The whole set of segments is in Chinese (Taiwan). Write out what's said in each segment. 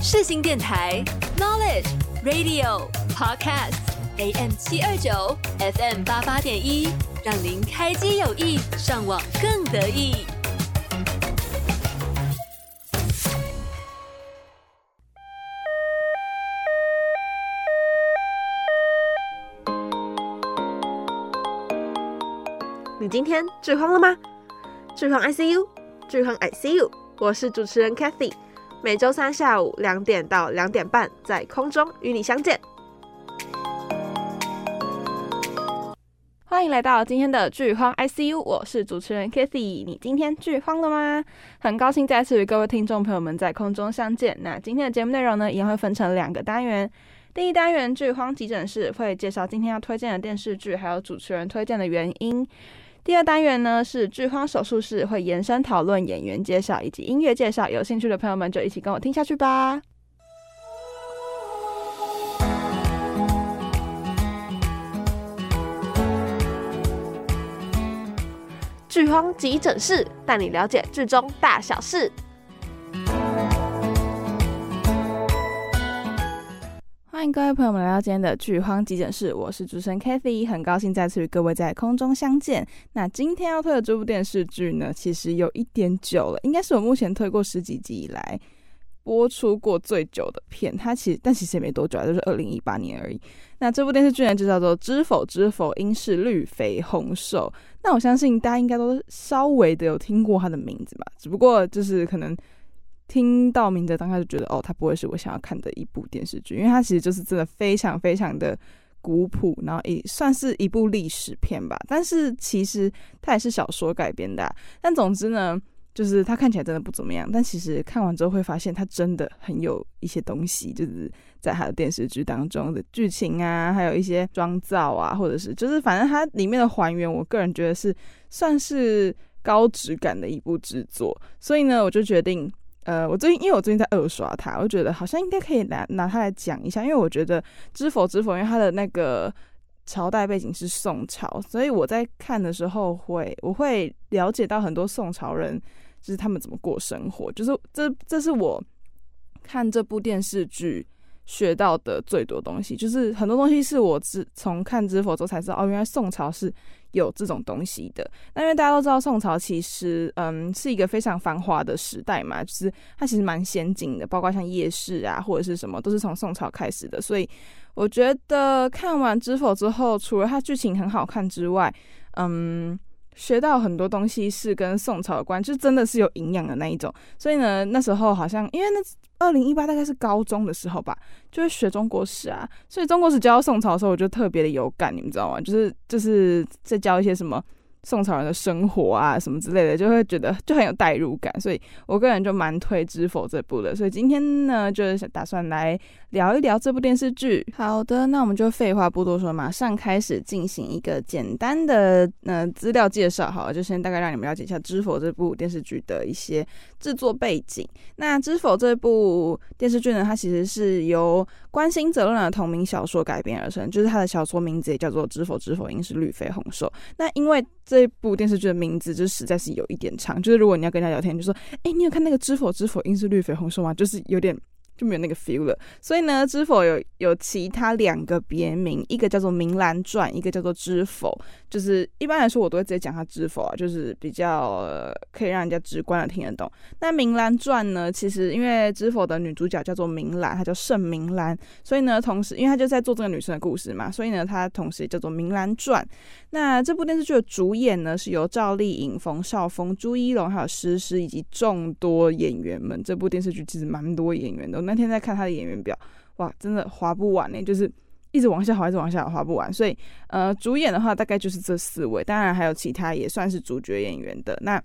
世新電台 Knowledge Radio Podcast AM 七二九 FM 八八點一，讓您開機有意，上網更得意。你今天最慌了嗎？最慌 ICU，最慌 ICU，我是主持人 Kathy。每週三下午兩點到兩點半，在空中與你相見。歡迎來到今天的劇荒 ICU，我是主持人 Kathy。你今天劇荒了嗎？很高興再次與各位聽眾朋友們在空中相見。那今天的節目內容呢，一樣會分成兩個單元。第一單元，劇荒急診室會介紹今天要推薦的電視劇，還有主持人推薦的原因。第二單元呢，是劇荒手術室，會延伸討論演員介紹以及音樂介紹。有興趣的朋友們就一起跟我聽下去吧。劇荒急診室帶你了解劇中大小事。歡迎各位朋友們來到今天的《劇荒急診室》，我是主持人 Cathy，很高興再次與各位在空中相見。那今天要推的這部電視劇呢，其實有一點久了，應該是我目前推過十幾集以來播出過最久的片。它其實，但其實也沒多久，就是二零一八年而已。那這部電視劇呢，就叫做《知否知否，應是綠肥紅瘦》。那我相信大家應該都稍微的有聽過它的名字吧，只不過就是可能。聽到名字，當下就覺得哦，它不會是我想要看的一部電視劇，因為它其實就是真的非常非常的古樸，然後也算是一部歷史片吧。但是其實它也是小說改編的、啊，但總之呢，就是它看起來真的不怎麼樣。但其實看完之後會發現，它真的很有一些東西，就是在它的電視劇當中的劇情啊，還有一些妝造啊，或者是就是反正它裡面的還原，我個人覺得是算是高質感的一部制作。所以呢，我就決定。呃，我最近因為我最近在二刷它，我覺得好像應該可以拿拿它來講一下，因為我覺得《知否》《知否》，因為它的那個朝代背景是宋朝，所以我在看的時候會，我會了解到很多宋朝人就是他們怎麼過生活，就是這這是我看這部電視劇學到的最多東西，就是很多東西是我自從看《知否》之後才知道，哦，原來宋朝是。有這種東西的，那因為大家都知道宋朝其實嗯是一個非常繁華的時代嘛，就是它其實蠻先進的，包括像夜市啊或者是什麼都是從宋朝開始的，所以我覺得看完《知否》之後，除了它劇情很好看之外，嗯。學到很多東西是跟宋朝有關，就真的是有營養的那一種。所以呢，那時候好像因為那二零一八大概是高中的時候吧，就是學中國史啊，所以中國史教宋朝的時候，我就特別的有感，你們知道嗎？就是就是在教一些什麼。宋朝人的生活啊，什麼之類的，就會覺得就很有代入感，所以我個人就蠻推《知否》這部的。所以今天呢，就是想打算來聊一聊這部電視劇。好的，那我們就廢話不多說，馬上開始進行一個簡單的嗯、呃、資料介紹。好了，就先大概讓你們了解一下《知否》這部電視劇的一些。製作背景，那《知否》這部電視劇呢？它其實是由關心則亂的同名小說改編而成，就是它的小說名字也叫做《知否知否，應是綠肥紅瘦》。那因為這部電視劇的名字就實在是有一點長，就是如果你要跟人家聊天，就說：“哎、欸，你有看那個《知否知否，應是綠肥紅瘦》嗎？”就是有點就沒有那個 feel 了。所以呢，《知否》有有其他兩個別名，一個叫做《明蘭傳》，一個叫做《知否》。就是一般來說，我都會直接講他知否啊，就是比較呃可以讓人家直觀的聽得懂。那《明蘭傳》呢，其實因為知否的女主角叫做明蘭，她叫盛明蘭，所以呢，同時因為她就在做這個女生的故事嘛，所以呢，她同時也叫做《明蘭傳》。那這部電視劇的主演呢，是由趙麗穎、馮紹峰、朱一龍還有詩詩以及眾多演員們。這部電視劇其實蠻多演員的，我那天在看她的演員表，哇，真的劃不完呢、欸，就是。一直往下滑，一直往下滑，滑不完。所以，呃，主演的話大概就是這四位，當然還有其他也算是主角演員的。那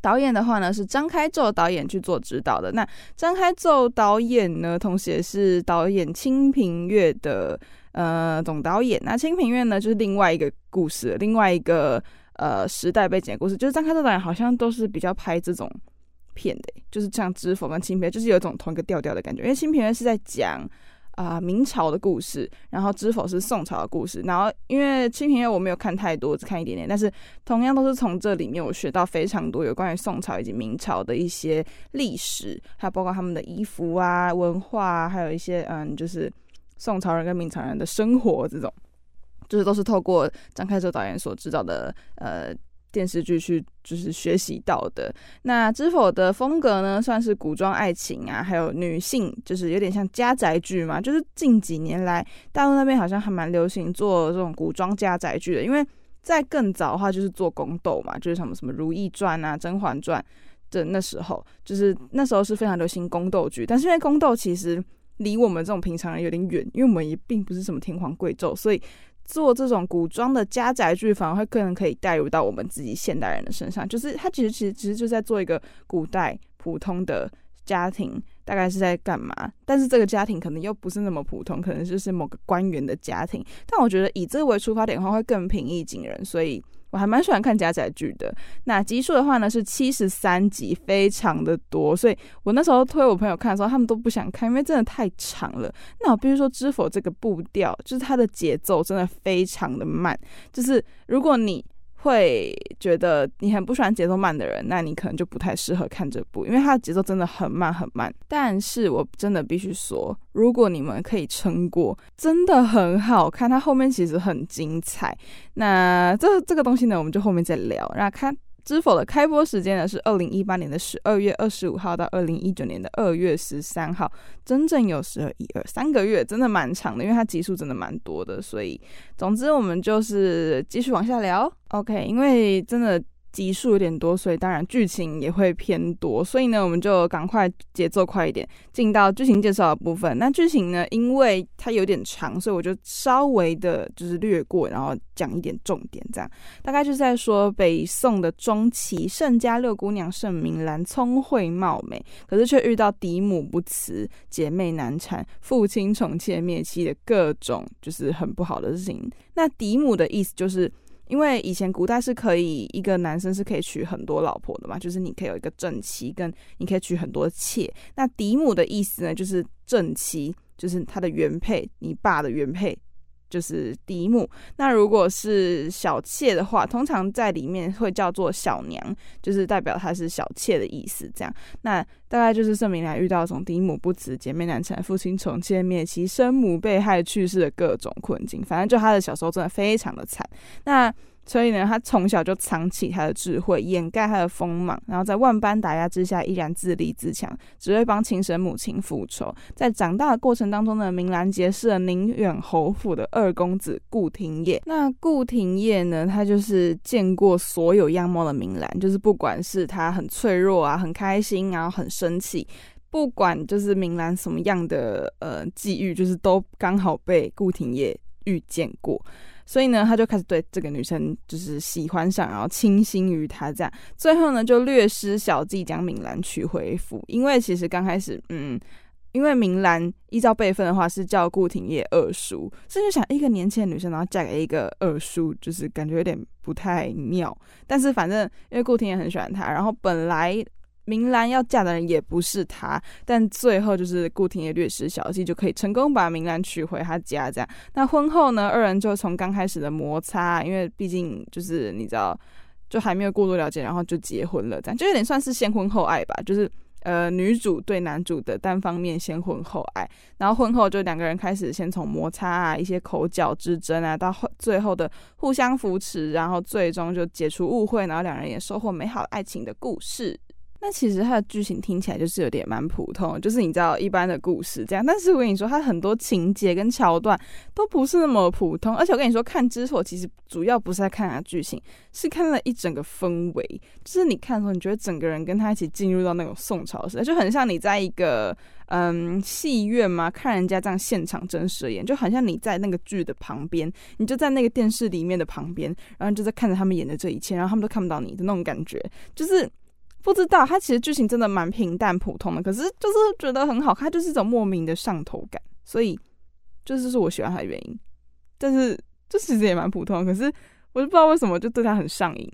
導演的話呢，是張開宙導演去做指導的。那張開宙導演呢，同時也是導演《清平樂》的呃總導演。那、啊《清平樂》呢，就是另外一個故事，另外一個呃時代背景的故事。就是張開宙導演好像都是比較拍這種片的，就是像《知否》跟《清平樂》，就是有一種同一個調調的感覺。因為《清平樂》是在講。啊、呃，明朝的故事，然後《知否》是宋朝的故事，然後因為《清平樂》我沒有看太多，只看一點點，但是同樣都是從這裡面我學到非常多有關於宋朝以及明朝的一些歷史，還有包括他們的衣服啊、文化、啊，還有一些嗯，就是宋朝人跟明朝人的生活這種，就是都是透過張開宙導演所知道的呃。電視劇去就是學習到的。那《知否》的風格呢，算是古裝愛情啊，還有女性，就是有點像家宅劇嘛。就是近幾年來，大陸那邊好像還蠻流行做這種古裝家宅劇的。因為在更早的話，就是做宮鬥嘛，就是什麼什麼《如懿傳》啊、《甄嬛傳》的那時候，就是那時候是非常流行宮鬥劇。但是因為宮鬥其實離我們這種平常人有點遠，因為我們也並不是什麼天皇貴胄，所以。做這種古裝的家宅劇，反而會更能可以帶入到我們自己現代人的身上。就是他其實其實其實就在做一個古代普通的家庭，大概是在幹嘛？但是這個家庭可能又不是那麼普通，可能就是某個官員的家庭。但我覺得以這個為出發點的話，會更平易近人，所以。我還蠻喜歡看家宅劇的，那集數的話呢是七十三集，非常的多，所以我那時候推我朋友看的時候，他們都不想看，因為真的太長了。那我必須說《知否》這個步調，就是它的節奏真的非常的慢，就是如果你。會覺得你很不喜歡節奏慢的人，那你可能就不太適合看這部，因為它的節奏真的很慢很慢。但是我真的必須說，如果你們可以撐過，真的很好看，它後面其實很精彩。那這這個東西呢，我們就後面再聊。那看。知否的開播時間呢，是二零一八年的十二月二十五號到二零一九年的二月十三號，真正有時候一二三個月，真的蠻長的，因為它集數真的蠻多的，所以總之我們就是繼續往下聊，OK，因為真的。集數有點多，所以當然劇情也會偏多，所以呢，我們就趕快節奏快一點，進到劇情介紹的部分。那劇情呢，因為它有點長，所以我就稍微的就是略過，然後講一點重點，這樣大概就是在說北宋的中期，盛家六姑娘盛明蘭聰慧貌美，可是卻遇到嫡母不慈，姐妹難產、父親寵妾滅妻的各種就是很不好的事情。那嫡母的意思就是。因為以前古代是可以一個男生是可以娶很多老婆的嘛，就是你可以有一個正妻，跟你可以娶很多妾。那嫡母的意思呢，就是正妻，就是他的原配，你爸的原配。就是嫡母。那如果是小妾的話，通常在裡面會叫做小娘，就是代表她是小妾的意思。這樣，那大概就是盛明蘭遇到從嫡母不慈、姐妹難產、父親重妾滅妻、生母被害去世的各種困境。反正就他的小時候真的非常的慘。那所以呢，他從小就藏起他的智慧，掩蓋他的鋒芒，然後在萬般打壓之下依然自立自強，只為幫親生母親復仇。在長大的過程當中呢，明蘭結識了寧遠侯府的二公子顧廷燁。那顧廷燁呢，他就是見過所有樣貌的明蘭，就是不管是他很脆弱啊，很開心啊，然後很生氣，不管就是明蘭什麼樣的呃際遇，就是都剛好被顧廷燁遇見過。所以呢，他就開始對這個女生就是喜歡上，然後傾心於她，這樣最後呢就略施小計將明蘭娶回府。因為其實剛開始，嗯，因為明蘭依照輩分的話是叫顧廷燁二叔，所以就想一個年輕的女生然後嫁給一個二叔，就是感覺有點不太妙。但是反正因為顧廷燁很喜歡她，然後本來。明蘭要嫁的人也不是他，但最後就是顧廷燁略施小計，就可以成功把明蘭娶回他家。這樣，那婚後呢，二人就從剛開始的摩擦，因為畢竟就是你知道，就還沒有過多了解，然後就結婚了。這樣就有點算是先婚後愛吧，就是呃，女主對男主的單方面先婚後愛，然後婚後就兩個人開始先從摩擦啊，一些口角之爭啊，到後最後的互相扶持，然後最終就解除誤會，然後兩人也收穫美好愛情的故事。那其實它的劇情聽起來就是有點蠻普通，就是你知道一般的故事這樣。但是我跟你說，它很多情節跟橋段都不是那麼普通。而且我跟你說，看之後其實主要不是在看它劇情，是看了一整個氛圍。就是你看的時候，你覺得整個人跟他一起進入到那種宋朝時代，就很像你在一個嗯戲院嘛，看人家這樣現場真實的演，就很像你在那個劇的旁邊，你就在那個電視裡面的旁邊，然後就在看着他們演的這一切，然後他們都看不到你的那種感覺，就是。不知道它，其實劇情真的蠻平淡普通的，可是就是覺得很好看，就是一種莫名的上頭感，所以就是是我喜歡它的原因。但是這其實也蠻普通的，可是我就不知道為什麼就對它很上癮。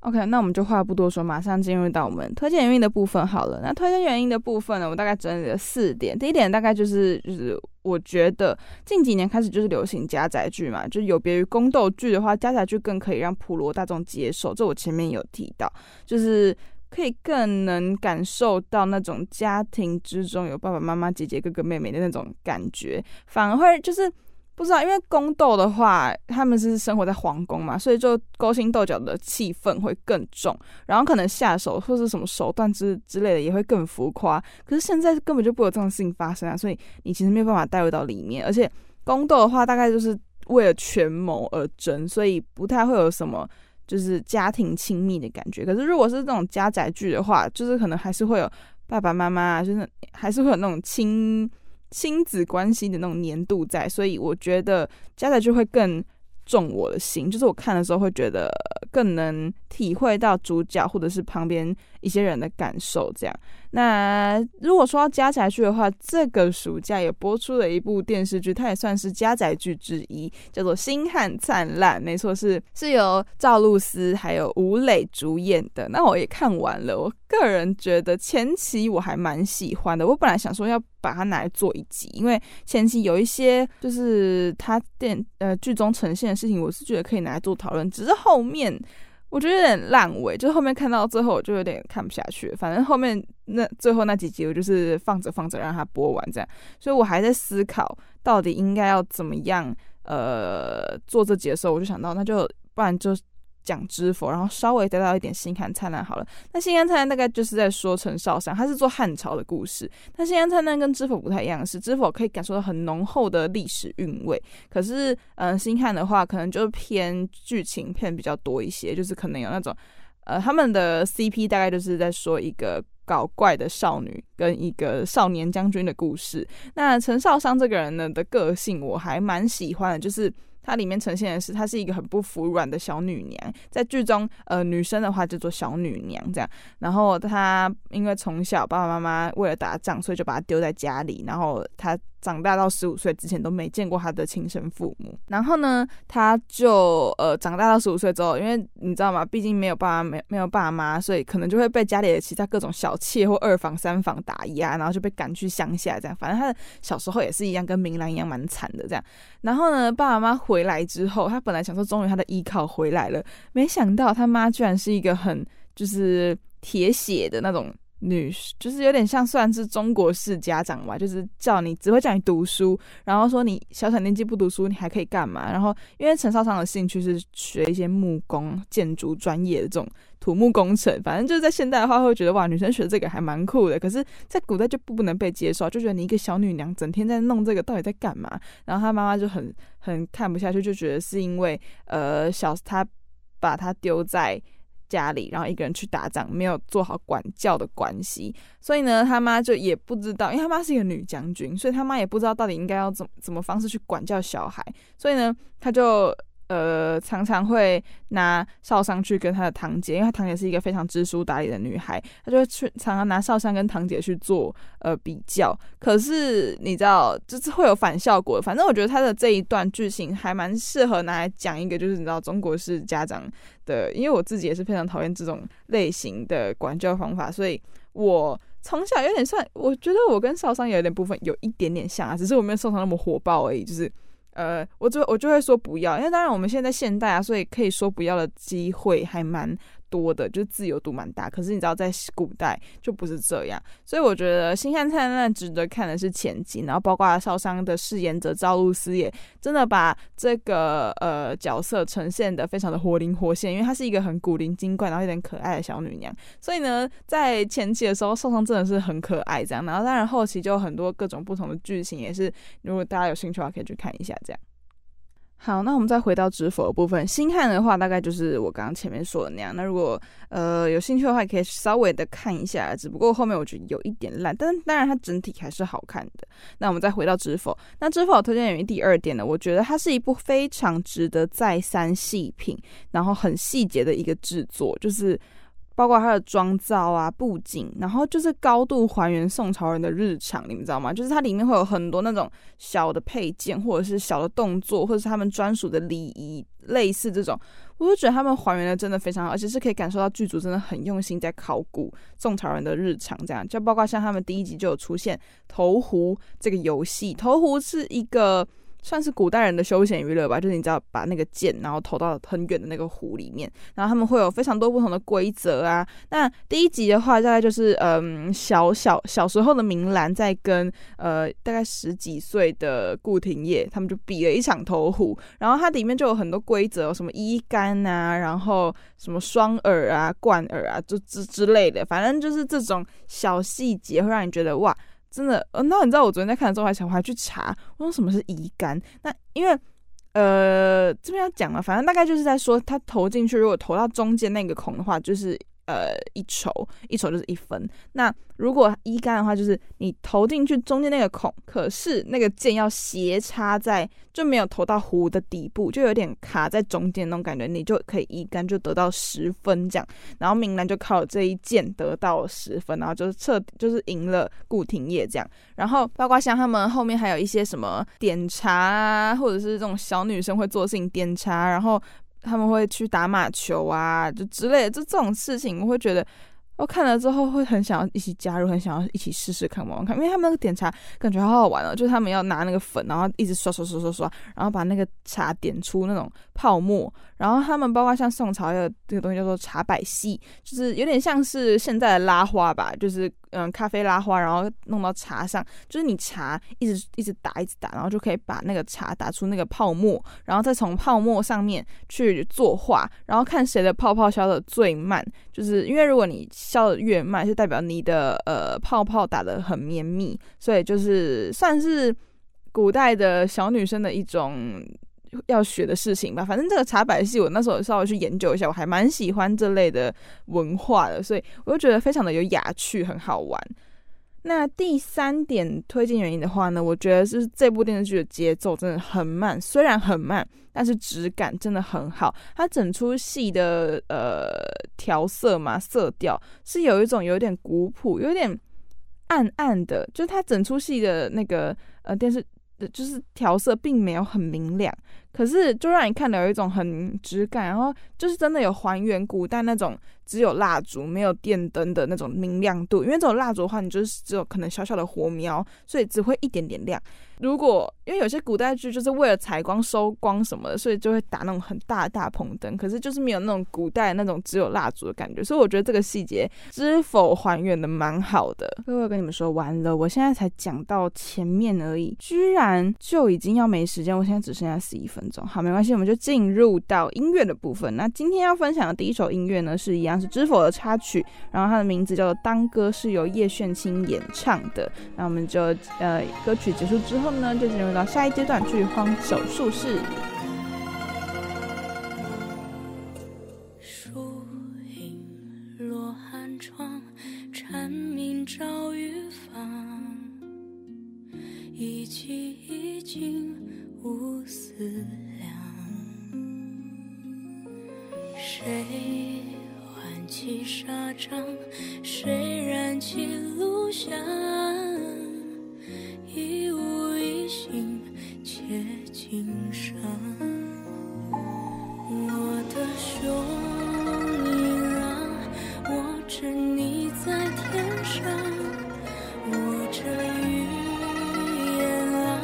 OK，那我們就話不多說，馬上進入到我們推薦原因的部分好了。那推薦原因的部分呢，我大概整理了四點。第一點大概就是就是我覺得近幾年開始就是流行家宅劇嘛，就有別於宮鬥劇的話，家宅劇更可以讓普羅大眾接受。這我前面有提到，就是。可以更能感受到那種家庭之中有爸爸媽媽、姐姐、哥哥、妹妹的那種感覺，反而會就是不知道，因為宮鬥的話，他們是生活在皇宮嘛，所以就勾心鬥角的氣氛會更重，然後可能下手或是什麼手段之之類的也會更浮誇。可是現在根本就不有這種事情發生啊，所以你其實沒有辦法帶入到裡面。而且宮鬥的話，大概就是為了權謀而爭，所以不太會有什麼。就是家庭親密的感覺，可是如果是這種家宅劇的話，就是可能還是會有爸爸媽媽，就是還是會有那種親親子關係的那種黏度在，所以我覺得家宅劇會更重我的心，就是我看的時候會覺得更能體會到主角或者是旁邊。一些人的感受，這樣。那如果說要家宅劇的話，這個暑假也播出了一部電視劇，它也算是家宅劇之一，叫做《星漢燦爛》。沒錯，是是由趙露思還有吳磊主演的。那我也看完了，我個人覺得前期我還蠻喜歡的。我本來想說要把它拿來做一集，因為前期有一些就是它電呃劇中呈現的事情，我是覺得可以拿來做討論。只是後面。我覺得有點爛尾，就後面看到最後，我就有點看不下去。反正後面那最後那幾集，我就是放着放着，讓它播完這樣。所以我還在思考，到底應該要怎麼樣，呃，做這集的時候，我就想到，那就不然就。講知否，然後稍微帶到一點《星漢燦爛》好了。那《星漢燦爛》大概就是在說陳少商，他是做漢朝的故事。那《星漢燦爛》跟《知否》不太一樣，是《知否》可以感受到很濃厚的歷史韻味，可是，嗯、呃，《星漢》的話可能就是偏劇情片比較多一些，就是可能有那種，呃，他們的 CP 大概就是在說一個搞怪的少女跟一個少年將軍的故事。那陳少商這個人呢的個性我還蠻喜歡的，就是。它裡面呈現的是，她是一個很不服軟的小女娘，在劇中，呃，女生的話就做小女娘這樣。然後她因為從小爸爸媽媽為了打仗，所以就把她丟在家裡，然後她。長大到十五歲之前都沒見過他的親生父母，然後呢，他就呃長大到十五歲之後，因為你知道嗎？畢竟沒有爸爸，沒有沒有爸媽，所以可能就會被家裡的其他各種小妾或二房三房打壓，然後就被趕去鄉下。這樣，反正他的小時候也是一樣，跟明蘭一樣蠻慘的。這樣，然後呢，爸爸媽回來之後，他本來想說，終於他的依靠回來了，沒想到他媽居然是一個很就是鐵血的那種。女就是有點像算是中國式家長吧，就是叫你只會叫你讀書，然後說你小小年紀不讀書，你還可以幹嘛？然後因為陳少裳的興趣是學一些木工、建築專業的這種土木工程，反正就是在現代的話會覺得哇，女生學這個還蠻酷的，可是，在古代就不能被接受，就覺得你一個小女娘整天在弄這個，到底在幹嘛？然後他媽媽就很很看不下去，就覺得是因為呃小他把他丟在。家裡，然後一個人去打仗，沒有做好管教的關係，所以呢，他媽就也不知道，因為他媽是一個女將軍，所以他媽也不知道到底應該要怎麼怎麼方式去管教小孩，所以呢，他就。呃，常常會拿少商去跟他的堂姐，因為他堂姐是一個非常知書達理的女孩，他就會去常常拿少商跟堂姐去做呃比較。可是你知道，就是會有反效果。反正我覺得他的這一段劇情還蠻適合拿來講一個，就是你知道，中國式家長的，因為我自己也是非常討厭這種類型的管教方法，所以我從小有點算，我覺得我跟少商有點部分有一點點像啊，只是我沒有少商那麼火爆而已，就是。呃，我就我就會說不要，因為當然我們現在現代啊，所以可以說不要的機會還蠻多的就是，自由度蠻大，可是你知道在古代就不是這樣，所以我覺得《星漢燦爛》值得看的是前期，然後包括少商的飾演者趙露思也真的把這個呃角色呈現的非常的活靈活現，因為她是一個很古靈精怪，然後有點可愛的小女娘，所以呢在前期的時候少商真的是很可愛這樣，然後當然後期就很多各種不同的劇情也是，如果大家有興趣的話可以去看一下這樣。好，那我們再回到知否的部分。星漢的話，大概就是我剛剛前面說的那樣。那如果呃有興趣的話，可以稍微的看一下。只不過後面我覺得有一點爛，但是當然它整體還是好看的。那我們再回到知否。那知否我推薦原因第二點呢，我覺得它是一部非常值得再三細品，然後很細節的一個制作，就是。包括它的妝造啊、布景，然後就是高度還原宋朝人的日常，你們知道嗎？就是它裡面會有很多那種小的配件，或者是小的動作，或者是他們專屬的禮儀，類似這種，我就覺得他們還原的真的非常好，而且是可以感受到劇組真的很用心在考古宋朝人的日常這樣，就包括像他們第一集就有出現投壺這個遊戲，投壺是一個。算是古代人的休閒娛樂吧，就是你知道把那個箭，然後投到很遠的那個壺裡面，然後他們會有非常多不同的規則啊。那第一集的話，大概就是嗯，小小小時候的明蘭在跟呃大概十幾歲的顧廷燁，他們就比了一場投壺，然後它裡面就有很多規則，什麼倚竿啊，然後什麼雙耳啊、貫耳啊，就之之類的，反正就是這種小細節會讓你覺得哇。真的，那，oh, 你知道我昨天在看的時候還想，我還去查，我說什麼是乙肝？那因為呃這邊要講了，反正大概就是在說它，他投進去，如果投到中間那個孔的話，就是。呃，一籌一籌就是一分。那如果一杆的話，就是你投進去中間那個孔，可是那個箭要斜插在，就沒有投到壺的底部，就有點卡在中間那種感覺，你就可以一杆就得到十分這樣。然後明蘭就靠這一箭得到十分，然後就是徹就是贏了顧廷燁這樣。然後包括像他們後面還有一些什麼點茶，或者是這種小女生會做事情點茶，然後。他們會去打馬球啊，就之類的，就這種事情，我會覺得，我、哦、看了之後會很想要一起加入，很想要一起試試看嘛玩看。因為他們那個點茶感覺好好玩哦，就他們要拿那個粉，然後一直刷刷刷刷刷，然後把那個茶點出那種泡沫。然後他們包括像宋朝有這個東西叫做茶百戲，就是有點像是現在的拉花吧，就是。嗯，咖啡拉花，然後弄到茶上，就是你茶一直一直打，一直打，然後就可以把那個茶打出那個泡沫，然後再從泡沫上面去作畫，然後看誰的泡泡消得最慢，就是因為如果你消得越慢，就代表你的呃泡泡打得很綿密，所以就是算是古代的小女生的一種要學的事情吧，反正這個茶百戲我那時候稍微去研究一下，我還蠻喜歡這類的文化的，所以我就覺得非常的有雅趣，很好玩。那第三點推薦原因的話呢，我覺得就是這部電視劇的節奏真的很慢，雖然很慢，但是質感真的很好。它整出戲的呃調色嘛，色調是有一種有點古樸、有點暗暗的，就是它整出戲的那個呃電視就是調色並沒有很明亮。可是，就讓你看的有一種很質感，然後就是真的有還原古代那種，只有蠟燭沒有電燈的那種明亮度，因為這種蠟燭的話，你就是只有可能小小的火苗，所以只會一點點亮。如果因為有些古代劇就是為了採光收光什麼的，所以就會打那種很大的大棚燈，可是就是沒有那種古代那種只有蠟燭的感覺。所以我覺得這個細節知否還原的蠻好的。各位跟你們說完了，我現在才講到前面而已，居然就已經要沒時間，我現在只剩下十一分鐘。好，沒關係，我們就進入到音樂的部分。那今天要分享的第一首音樂呢，是一樣。是知否的插曲，然後它的名字叫做《當歌》，是由葉炫清演唱的。那我們就呃，歌曲結束之後呢，就進入到下一階段去，劇荒手術室。樹影落寒窗，蟬鳴朝玉房，一起一靜無思量，誰起沙場，誰燃起爐香？一舞一心，且盡觴。我的兄弟啊，我知你在天上。我這魚雁啊，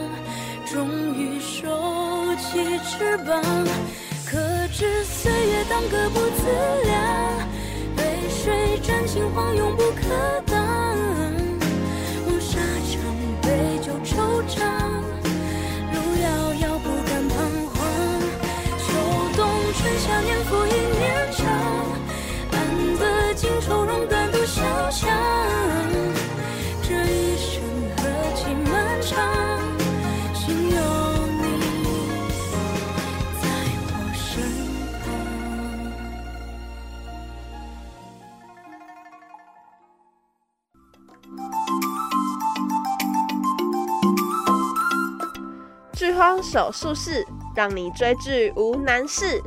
終於收起翅膀。可知歲月當歌不自量。人心惶惶，慌不可。雙手舒適，讓你追劇無難事。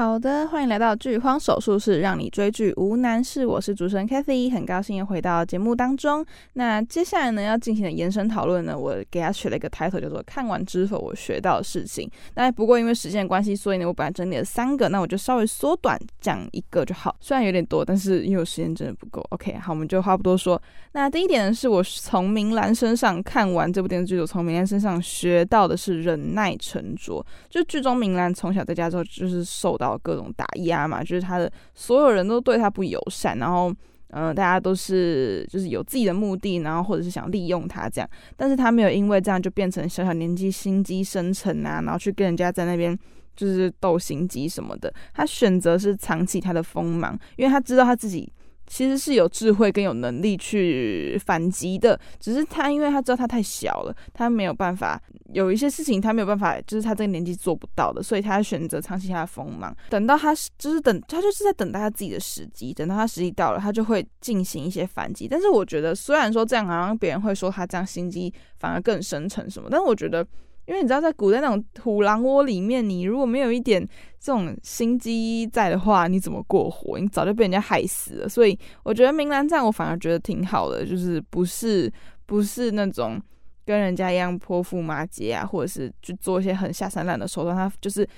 好的，歡迎來到劇荒手術室，讓你追劇無難事。是我是主持人 Kathy，很高興又回到節目當中。那接下來呢，要進行的延伸討論呢，我給他取了一個 title，叫做《看完知否》，我學到的事情。那不過因為時間的關係，所以呢，我本來整理了三個，那我就稍微縮短講一個就好。雖然有點多，但是因為我時間真的不夠。OK，好，我們就話不多說。那第一點呢，是我從明蘭身上看完這部電視劇，我從明蘭身上學到的是忍耐沉着。就劇中明蘭從小在家之後，就是受到。各種打壓嘛，就是他的所有人都對他不友善，然後，嗯、呃，大家都是就是有自己的目的，然後或者是想利用他這樣，但是他沒有因為這樣就變成小小年紀心機深沉啊，然後去跟人家在那邊就是鬥心機什麼的，他選擇是藏起他的鋒芒，因為他知道他自己。其實是有智慧跟有能力去反擊的，只是他因為他知道他太小了，他沒有辦法，有一些事情他沒有辦法，就是他這個年紀做不到的，所以他選擇藏起他的鋒芒，等到他就是等他就是在等待他自己的時機，等到他時機到了，他就會進行一些反擊。但是我覺得，雖然說這樣好像別人會說他這樣心機反而更深沉什麼，但我覺得。因為你知道，在古代那種虎狼窩裡面，你如果沒有一點這種心機在的話，你怎麼過活？你早就被人家害死了。所以，我覺得明蘭這樣，我反而覺得挺好的，就是不是不是那種跟人家一樣潑婦罵街啊，或者是去做一些很下三濫的手段。他就是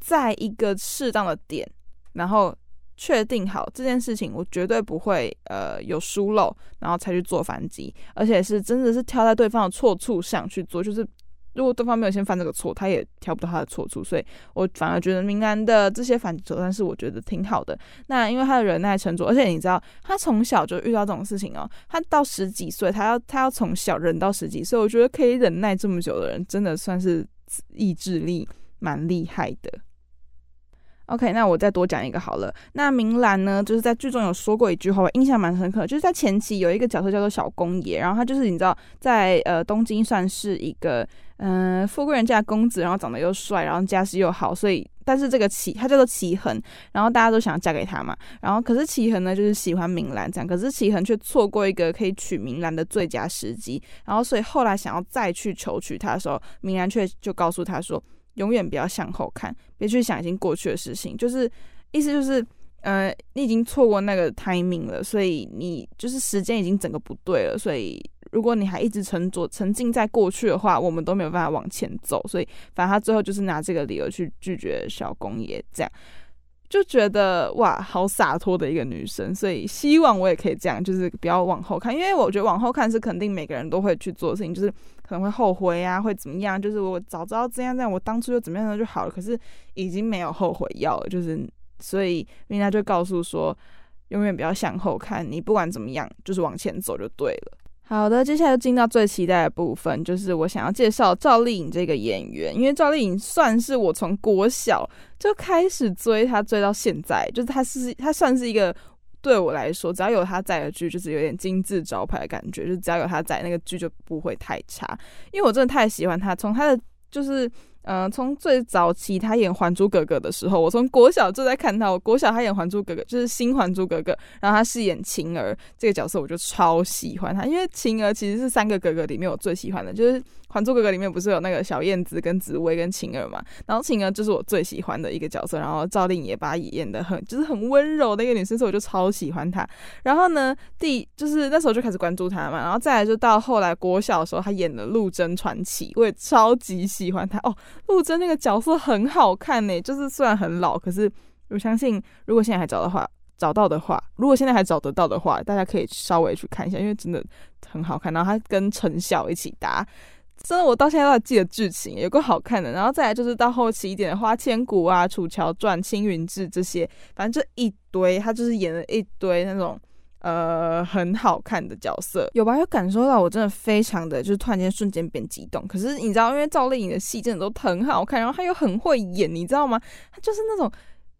在一個適當的點，然後確定好這件事情，我絕對不會呃有疏漏，然後才去做反擊，而且是真的是挑在對方的錯處上去做，就是。如果對方沒有先犯這個錯，他也挑不到他的錯處，所以我反而覺得明蘭的這些反擊手段是我覺得挺好的。那因為他的忍耐、程度，而且你知道，他從小就遇到這種事情哦、喔。他到十幾歲，他要他要從小忍到十幾歲，我覺得可以忍耐這麼久的人，真的算是意志力蠻厲害的。OK，那我再多講一個好了。那明蘭呢，就是在劇中有說過一句話，我印象蠻深刻，就是在前期有一個角色叫做小公爺，然後他就是你知道在，在呃東京算是一個。嗯、呃，富貴人家公子，然後長得又帥，然後家世又好，所以但是這個齊他叫做齊衡，然後大家都想嫁給他嘛，然後可是齊衡呢就是喜歡明蘭這樣，可是齊衡卻錯過一個可以娶明蘭的最佳時機，然後所以後來想要再去求娶她的時候，明蘭卻就告訴他說，永遠不要向後看，別去想已經過去的事情，就是意思就是，呃，你已經錯過那個 timing 了，所以你就是時間已經整個不對了，所以。如果你還一直沉着沉浸在過去的話，我們都沒有辦法往前走。所以，反正她最後就是拿這個理由去拒絕小公爺，這樣就覺得哇，好灑脫的一個女生。所以，希望我也可以這樣，就是不要往後看，因為我覺得往後看是肯定每個人都會去做的事情，就是可能會後悔啊，會怎麼樣？就是我早知道這樣這樣，我當初就怎麼樣就好了。可是已經沒有後悔藥了，就是所以，米娜就告訴說，永遠不要向後看，你不管怎麼樣，就是往前走就對了。好的，接下來就進到最期待的部分，就是我想要介紹趙麗穎這個演員。因為趙麗穎算是我從國小就開始追她，追到現在，就他是她是她算是一個對我來說，只要有她在的劇，就是有點金字招牌的感覺，就只要有她在那個劇就不會太差。因為我真的太喜歡她，從她的就是。嗯，從、呃、最早期他演《還珠格格》的時候，我從國小就在看到我國小他演《還珠格格》，就是新《還珠格格》，然後他飾演晴兒這個角色，我就超喜歡他，因為晴兒其實是三個格格裡面我最喜歡的就是。《還珠格格》裡面不是有那個小燕子、跟紫薇、跟晴兒嘛？然後晴兒就是我最喜歡的一個角色，然後趙麗穎也把她演的很就是很溫柔的一個女生，所以我就超喜歡她。然後呢，第就是那時候就開始關注她嘛，然後再來就到後來國小的時候，她演的《陸貞傳奇》，我也超級喜歡她哦。陸貞那個角色很好看呢，就是雖然很老，可是我相信如果現在還找的話，找到的話，如果現在還找得到的話，大家可以稍微去看一下，因為真的很好看。然後她跟陳曉一起搭。真的，我到現在都還記得劇情，有夠好看的，然後再來就是到後期一點的《花千骨》啊，楚《楚喬傳》、《青雲志》這些，反正這一堆，他就是演了一堆那種呃很好看的角色，有吧？就感受到我真的非常的就是突然間瞬間變激動。可是你知道，因為趙麗穎的戲真的都很好看，然後她又很會演，你知道嗎？她就是那種。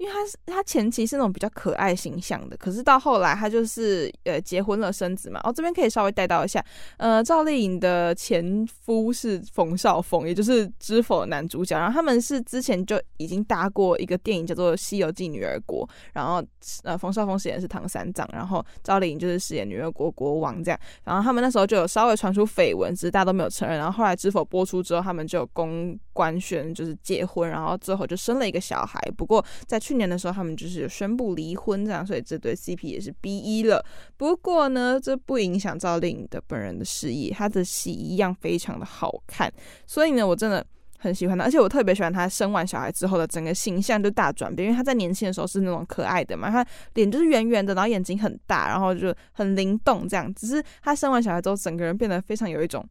因為他是他前期是那種比較可愛形象的，可是到後來他就是呃結婚了生子嘛。哦，這邊可以稍微帶到一下，呃，趙麗穎的前夫是馮紹峰，也就是《知否》男主角。然後他們是之前就已經搭過一個電影叫做《西遊記女兒國》，然後呃，馮紹峰飾演是唐三藏，然後趙麗穎就是飾演女兒國國王這樣。然後他們那時候就有稍微傳出緋聞，只是大家都沒有承認。然後後來《知否》播出之後，他們就有公官宣就是結婚，然後之後就生了一個小孩。不過在去。去年的時候，他們就是有宣布離婚這樣，所以這對 CP 也是 BE 了。不過呢，這不影響趙麗穎的本人的事業，她的戲一樣非常的好看。所以呢，我真的很喜歡她，而且我特別喜歡她生完小孩之後的整個形象就大轉變。因為她在年輕的時候是那種可愛的嘛，她臉就是圓圓的，然後眼睛很大，然後就很靈動這樣。只是她生完小孩之後，整個人變得非常有一種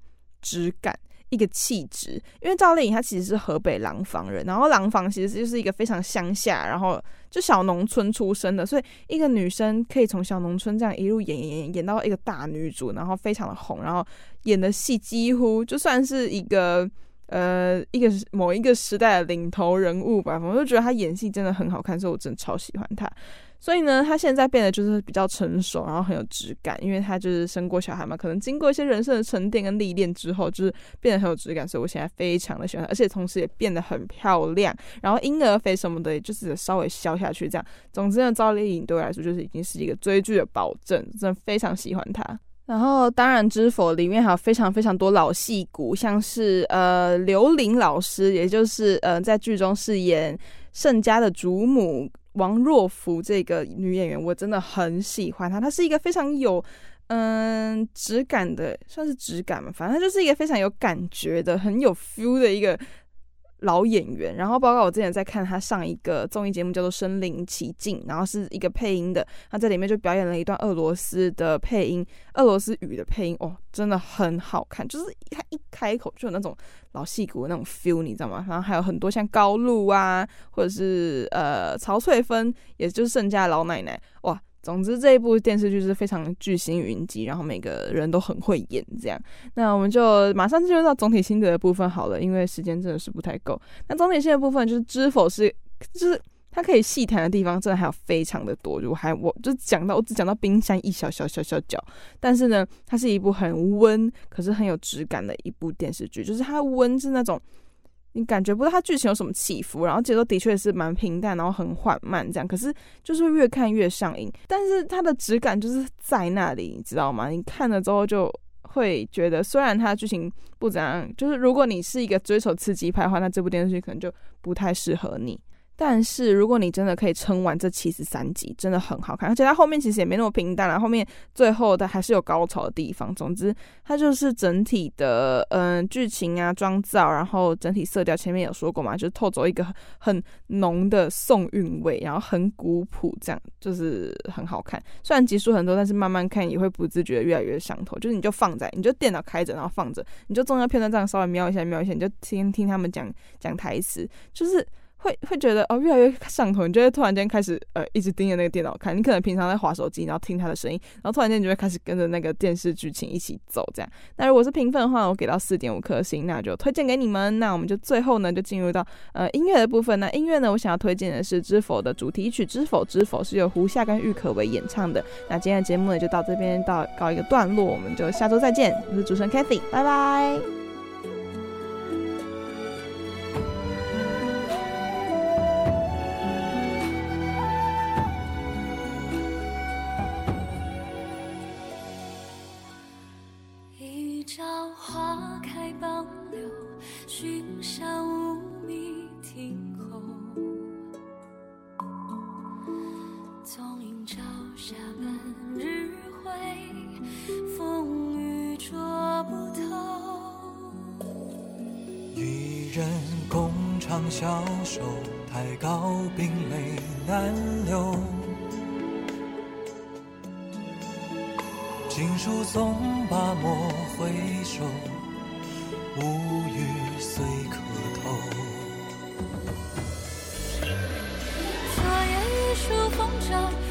質感。一個氣質，因為趙麗穎她其實是河北廊坊人，然後廊坊其實就是一個非常鄉下，然後就小農村出生的，所以一個女生可以從小農村這樣一路演演演演到一個大女主，然後非常的紅，然後演的戲幾乎就算是一個呃一個某一個時代的領頭人物吧，我就覺得她演戲真的很好看，所以我真的超喜歡她。所以呢，她現在變得就是比較成熟，然後很有質感，因為她就是生過小孩嘛，可能經過一些人生的沉澱跟歷練之後，就是變得很有質感。所以我現在非常的喜歡她，而且同時也變得很漂亮，然後嬰兒肥什麼的，也就是稍微消下去這樣。總之呢，趙麗穎對我來說就是已經是一個追劇的保證，真的非常喜歡她。然後當然，《知否》裡面還有非常非常多老戲骨，像是呃劉琳老師，也就是呃在劇中飾演盛家的祖母。王若弗這個女演員，我真的很喜歡她。她是一個非常有，嗯，質感的，算是質感嘛，反正她就是一個非常有感覺的，很有 feel 的一個。老演員，然後包括我之前在看他上一個綜藝節目，叫做《身臨其境》，然後是一個配音的，他在裡面就表演了一段俄羅斯的配音，俄羅斯語的配音，哇、哦，真的很好看，就是他一開口就有那種老戲骨的那種 feel，你知道嗎？然後還有很多像高露啊，或者是呃曹翠芬，也就是盛家的老奶奶，哇。總之這一部電視劇是非常巨星雲集，然後每個人都很會演，這樣，那我們就馬上進入到總體心得的部分好了，因為時間真的是不太夠。那總體心得的部分就是《知否》是，就是它可以細談的地方，真的還有非常的多。如果還我就講到，我只講到冰山一小小小小小小角，但是呢，它是一部很溫可是很有質感的一部電視劇，就是它溫是那種。你感覺不到它劇情有什麼起伏，然後節奏的確是蠻平淡，然後很緩慢這樣。可是就是越看越上癮，但是它的質感就是在那裡，你知道嗎？你看了之後就會覺得，雖然它劇情不怎樣，就是如果你是一個追求刺激派的話，那這部電視劇可能就不太適合你。但是如果你真的可以撐完這七十三集，真的很好看，而且它後面其實也沒那麼平淡了，啊，後面最後的還是有高潮的地方。總之，它就是整體的，嗯，劇情啊、妝造，然後整體色調，前面有說過嘛，就是透著一個很濃的宋韻味，然後很古樸，這樣就是很好看。雖然集數很多，但是慢慢看也會不自覺越來越上頭，就是你就放在，你就電腦開着，然後放着，你就中間片段這樣稍微瞄一下瞄一下，你就聽聽他們講講台詞，就是。會會覺得哦，越來越上頭，你就會突然間開始呃，一直盯着那個電腦看。你可能平常在滑手機，然後聽它的聲音，然後突然間你就會開始跟着那個電視劇情一起走，這樣。那如果是評分的話，我給到四點五顆星，那就推薦給你們。那我們就最後呢，就進入到呃音樂的部分。那音樂呢，我想要推薦的是《知否》的主題曲《知否知否》，是由胡夏跟郁可唯演唱的。那今天的節目呢，就到這邊到告一個段落，我們就下周再見。我是主持人 Cathy，拜拜。霞半日暉，風雨著不透。一任宮長驍瘦，臺高冰淚難留。錦書送罷驀回首，無餘歲可偷。昨夜雨疏風驟。